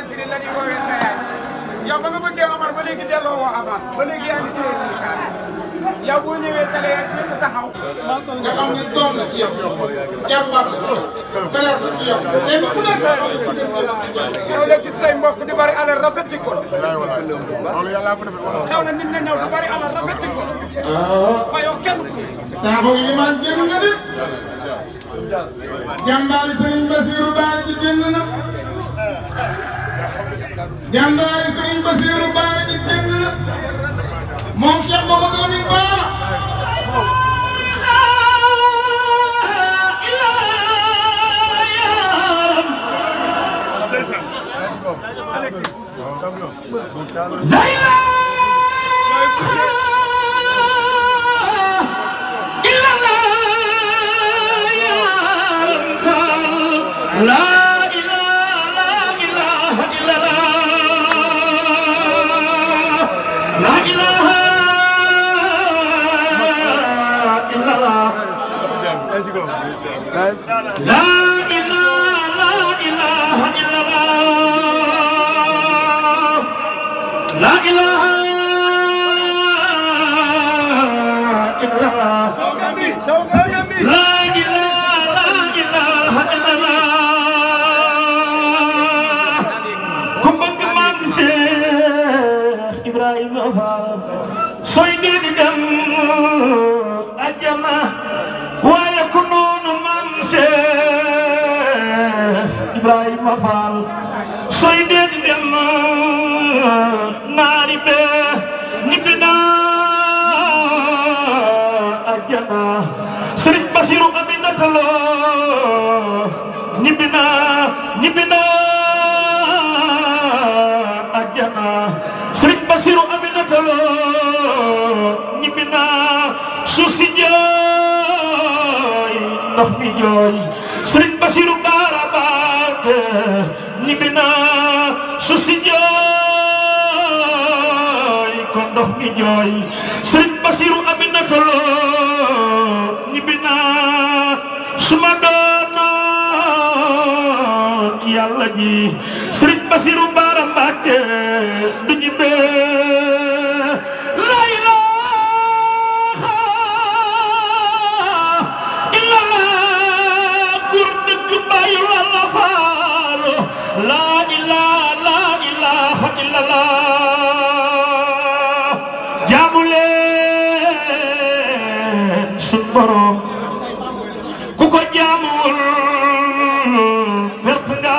century la ñuy woowee sa yaay yow ba nga bëggee Omar ba léegi delloo woo avance ba léegi yaa ngi téye nii kaar yow boo ñëwee tale yaa ngi taxaw. nga xam ne doom la ci yow jàmbaar la ci yow frère la ci yow te ni ku nekk xam ne ku nekk la sa njaboot. yow léegi say mbokk di bari alal rafet ci ko. loolu yàlla ko defee wax. xew na nit ña ñëw di bari alal rafet ci ko. Ah. fa yow kenn ku si. saako yi li man génn nga de. jàmbaari Serigne Bassirou Ba ci génn na. jàmbaari sëriñ Basiiru Baara ci kenn moom Cheikh Mamadou Lamine Baara Layla illallah ya Rasulullah لا Bamba Faal sooy dégg dem naari bee ñibbi naa àjjana Basiru Aminata Lo ñibbi naa ñibbi naa àjjana Sëriñ Basiru Aminata Lo ñibbi naa suuf si jooy ndox mi jooy Sëriñ ak ñibbi naa su si jooy kon ndox mi jooy Basiru Aminata Lo ñibbi naa su ma doonoon sun ku ko jaamuwul perte nga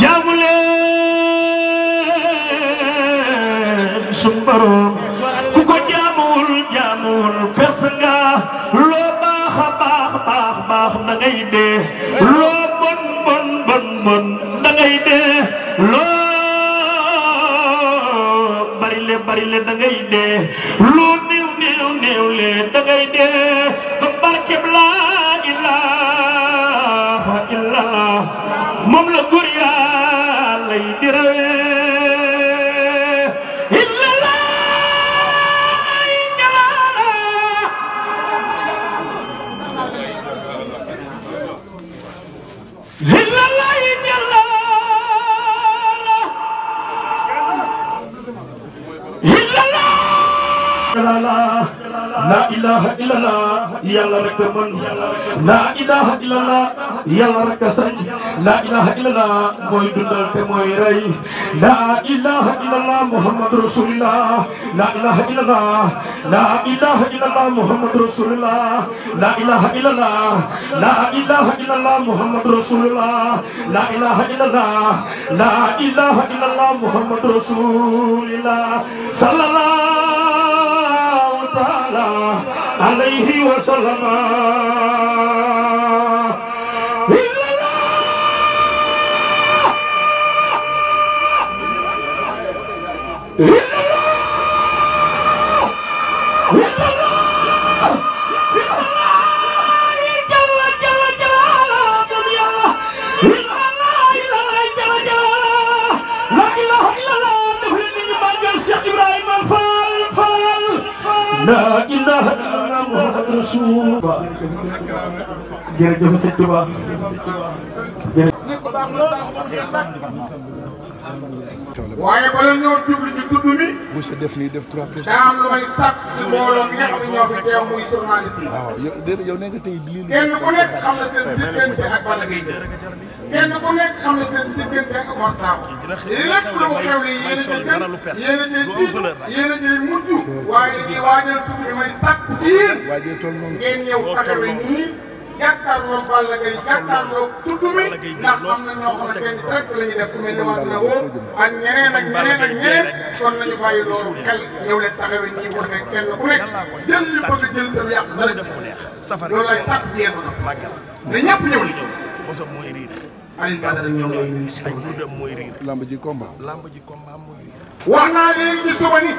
jaamu leen sun borom ku ko jaamuwul jaamuwul perte loo baax a baax baax baax loo bon bon bon bon da loo bari le bari le leen da ngay dee fa barkeb laa ilaaha illallah la góor yàlla yi di rawee illallah illallah illallah illallah illallah laa ilaha illallah yàlla rek a mën laa ilaha illallah yàlla rek a sañ laa ilaha illallah mooy dundal te mooy rey laa ilaha illallah muhammad rasulillah laa ilaha illallah laa ilaha illallah muhammad rasulillah laa ilaha illallah laa ilaha illallah muhammad rasulillah laa ilaha illallah laa ilaha illallah muhammad rasulillah sallallahu عليه وسلم No. rasul ba jërëjëf sëñ Tuba jërëjëf waaye bala ñoo jublu ci tudd mi. monsieur def nii def trois pièces. daa am lu may sàkk mbooloo mi nga xam ne ñoo fi teew muy journaliste yi. waaw yow déedéet yow nee nga tey lii. kenn ku nekk xam na seen diggante ak Balla Gaye jël. kenn ku nekk xam na seen diggante ak Omar Sakho. lépp lu mu xew nii yéen a cee gën yéen a cee jiit yéen a cee mujj. waaye dañuy waajal tudd mi may sàkk ci yéen. ngeen ñëw taxawee nii. jàkkaarloo Balla Gaye jàkkaarloo tudd mi ndax am na ñoo xamante ne rek la ñuy def ku mel ne Wassina woo ak ñeneen ak ñeneen ak ñeneen kon nañu bàyyi loolu xel ñëw leen taxawee ñi war ne kenn ku nekk jël li bëgg a jël dalu yàq dara loolu lay tax jéem a na ñëpp ñëw Alioune Badara ñoo ñëw ñu si mooy riir. lamb ji combat. lamb ji combat mooy riir. wax naa léegi suba ni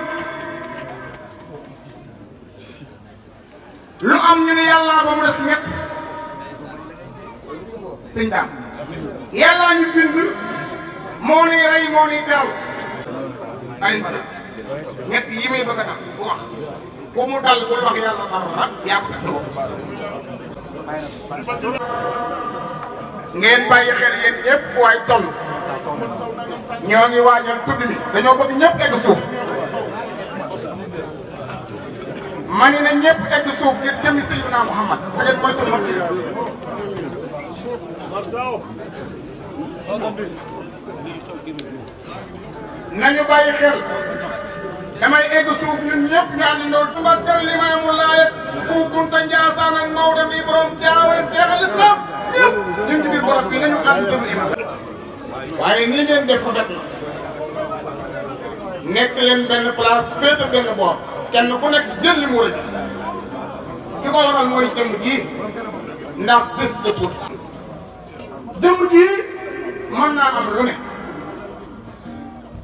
lu am ñu ne yàlla ba mu des ñett. sëñ daam yàllaa ñu bind moo nuy rey moo nuy teral Alioune Badara ñett yi muy bëgg a wax bu mu dal wax yàlla barora yaa ko def ngeen bàyyi xel yéen ñëpp waay toll ñoo ngi waajal tudd mi dañoo bëgg ñëpp egg suuf mani na ñëpp egg suuf ngir jëmi Seydina Muhammad sa ngeen moytu ma nañu bàyyi xel damay egg suuf ñun ñëpp ñu àndandoo tubaab kër Limaamu Laay Kunta Njaasaan ak Maodo mi borom jaawale Seex al ñu ngi ci bi nañu ànd jëm imaam waaye nii ngeen def rafet nekk leen benn place féete benn boor kenn ku nekk jël li mu war a jël ki ko waral mooy ji ndax bés de tuuti jëmm ji mën naa am lu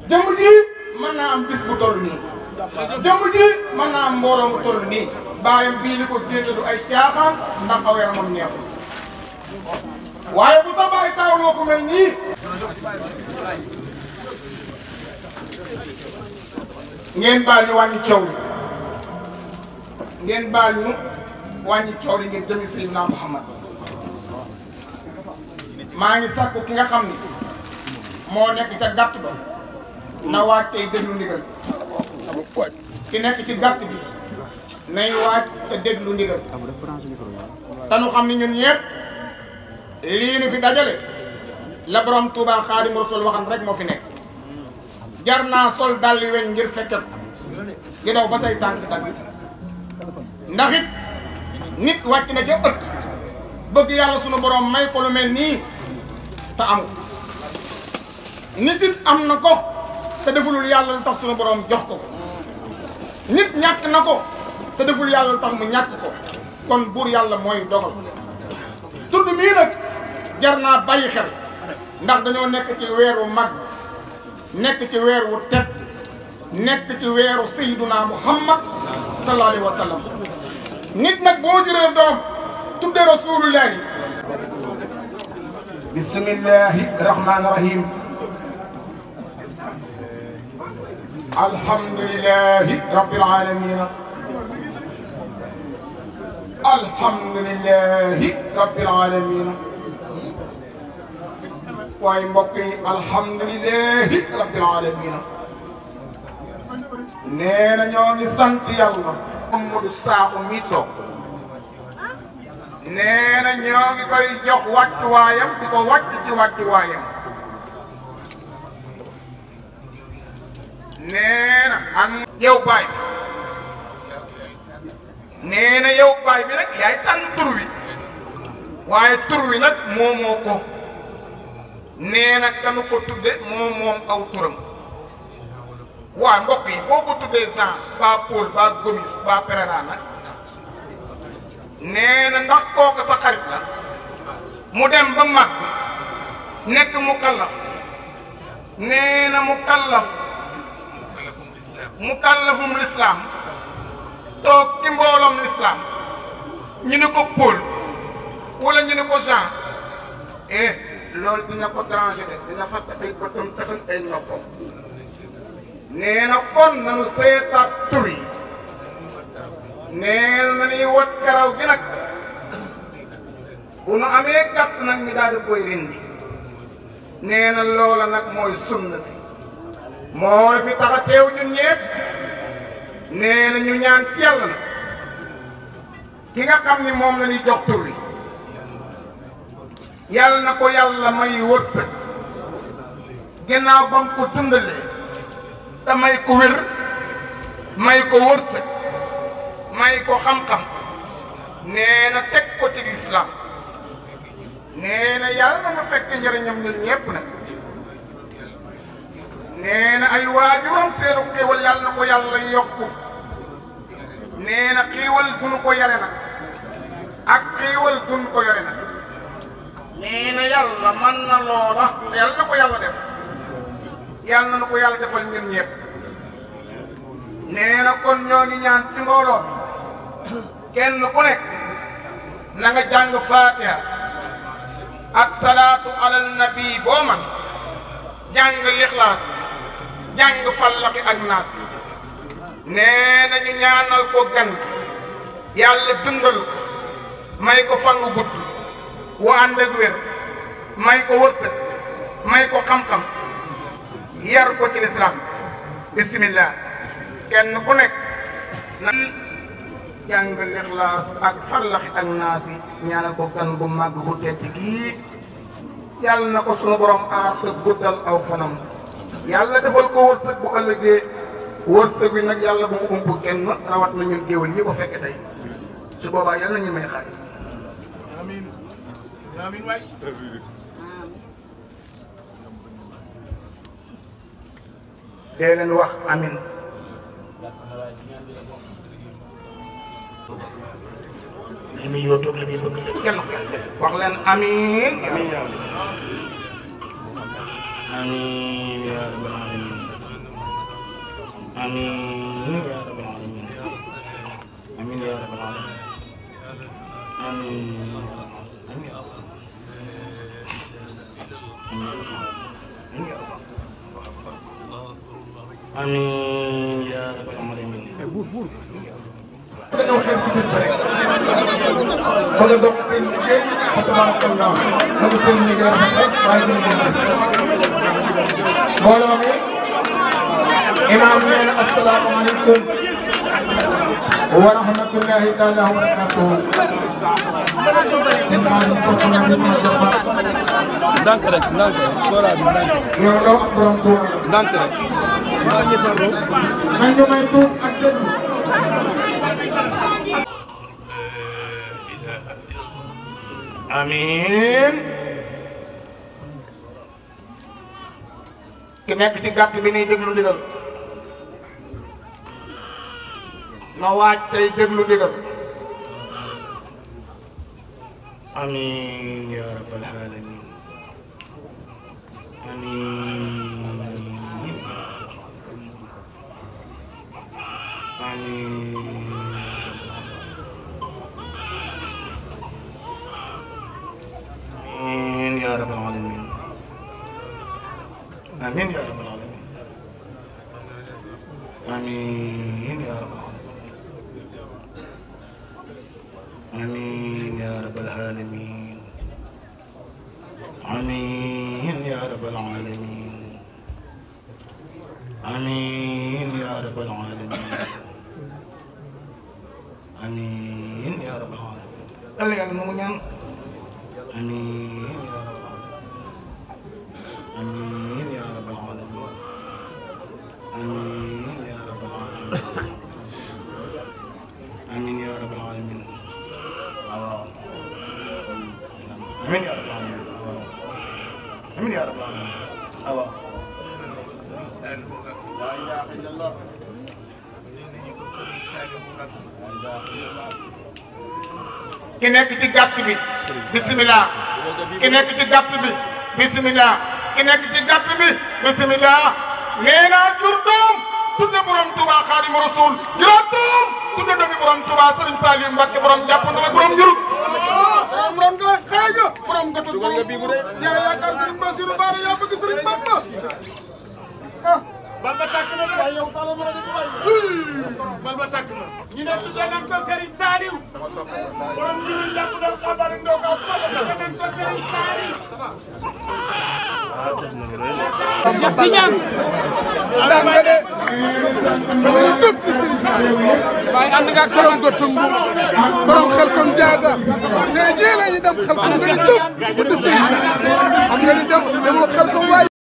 jëmm ji mën naa am bis bu toll nii jëmm ji mën naa am mbooloo mu toll nii bàyyam bii li ko génne du ay caaxaan ndax aw yaramam neexul waaye bu sa bàyyi taawloo ko mel nii ngeen baal ñu wàññi coow ngeen baal ñu wàññi coow li ngeen jëmi Seydina Muhammad maa ngi sàkku ki nga xam ni moo nekk ca gàtt ba na waaj tey déglu ndigal ki nekk ci gàtt bi nay waaj te déglu ndigal te nu xam ni ñun ñëpp lii nu fi dajale la borom Touba Xaadimu rek moo fi nekk jar naa sol dàll weñ ngir fekke ko di daw ba say tànk tànk ndax it nit wàcc na ca ëtt bëgg yàlla sunu borom may ko mel nii te am ko am na ko te defulul yàlla lu tax suñu borom jox ko nit ñàkk na ko te deful yàlla lu tax mu ñàkk ko kon buur yàlla mooy dogal tund mii nag jar naa bàyyi xel ndax dañoo nekk ci weer wu mag nekk ci weer wu nekk ci weeru sayyiduna muhammad sallallahu alayhi wa sallam nit nag boo juree doom tudde rasulullahi bismillahi rahmaani rahiim alhamdulillahi rabbil aalamiin alhamdulillahi rabbil aalamiin waaye mbokk yi alhamdulillahi rabbil aalamiin nee na ñoo ngi sant yàlla Mamadou Sakho mi toog nee na ñoo ngi koy jox wàccuwaayam di ko wàcc ci wàccuwaayam nee na ak baay nee na baay bi nag yaay tànn tur wi waaye tur wi nag moomoo ko nee na kanu ko tudde moom moom aw turam waa mbokk yi boo ko tuddee sans ba Paul ba Gomis ba Pereira nag nee na ndax kooku sa la mu dem ba mag nekk mu kallaf nee na mu kallaf mu kallafum lislaam toog ci mbooloom lislaam ñu ne ko Paul wala ñu ne ko Jean eh loolu dina ko tranché de dina fàtte ay bëtam taxas ay noppam nee na kon nanu seetaat tur yi neen na ñuy wat karaw gi nag bu nu amee gàtt nag ñu daal koy rendi nee na loola nag mooy sunna si mooy fi tax a teew ñun ñépp na ñu ñaan ci yàlla na ki nga xam ni moom la ñuy jox tur yàlla na ko yàlla may wërsëg ginnaaw ba mu ko te may ko wér may ko wërsëg may ko xam-xam nee na teg ko ci lislaam nee na yàlla na nga fekk njëriñam ñun ñëpp nag nee na ay waajuram seenu xéewal yàlla na ko yàlla yokku nee na xéewal ko yare nag ak xéewal gun ko yore nag nee yàlla mën na loola yàlla na ko yàlla def yàlla na ko yàlla defal ñun ñëpp nee kon ñoo ñaan ci kenn ku nekk na jàng faatiha ak alal nabi boo man jàng lixlaas jàng fallaqi ak naas nee nañu ñaanal ko gan yàlla dundal may ko fan wu gudd wu ànd wér may ko wërsëg may ko xam-xam yar ko ci lislaam bismillah kenn ku nekk jàng lixlaas ak fallaxi ak naasi ñaane ko gan bu màgg bu tedd yàlla na ko sunu borom aar te guddal aw fanam yàlla defal ko wërsëg bu ëllëgee wërsëg wi nag yàlla bu mu ump kenn rawat na ñun géwél ñi ko fekk tey su boobaa yàlla ñu may xaalis li muy yóotu li muy bëgg lépp kenn wax leen amiin amiin yaa amiin yaa rabbal aalamiin amiin yaa rabbal aalamiin amiin yaa rabbal aalamiin amiin amiin yaa rabbal aalamiin eh, dañoo xeeb ci bis bi rek. kon nag donc seen liggéey parce que maanaam am naa ko seen liggéey rafet rek waaye dina leen def. mbooloo mi imaam nee na asalaamaaleykum wa rahmatullahi taala wa barakatuhu. seen maam yi soxna na gis nga jox ma. ndànk rek ndànk rek kóolaa bi ndànk rek. yow loo am borom tuuma. ndànk rek. man ñu may tuut ak déglu. amiin ki nekk ci gàtt bi nuy déglu ndigal na waaj tey déglu amiin ya rabbal alamin amiin kalian mengunyang amin amin ya rabbal alamin amin ya rabbal alamin amin ya rabbal alamin amin ya rabbal alamin amin ya rabbal alamin Allah لا إله إلا الله. ki nekk ci gàtt bi bisimilah ki nekk ci gàtt bi bisimilah ki nekk ci gàtt bi jur doom tudde borom Touba Xaadimu Rasuul juróom doom tudde doomi borom Touba Serigne Saliou Mbacke borom jàppandal ak borom njurug borom borom nga xëy nga borom nga tudd borom yaa yaakaar Serigne Bassirou Bara Sall ma di bay bal ba tàkk na ñu ne tuddee nañ ko Serigne Saliou borom ñu ñu jàpp dal xabar ndox ak fa tuddee nañ ko Serigne Saliou Cheikh Tidiane ala ma de ñu topp Serigne Saliou bay ànd nga ak borom gotum borom xel kon jaaga te jëlee ñu dem xel kon ñu topp bu Serigne Saliou am nga ni dem demoo xel kon waay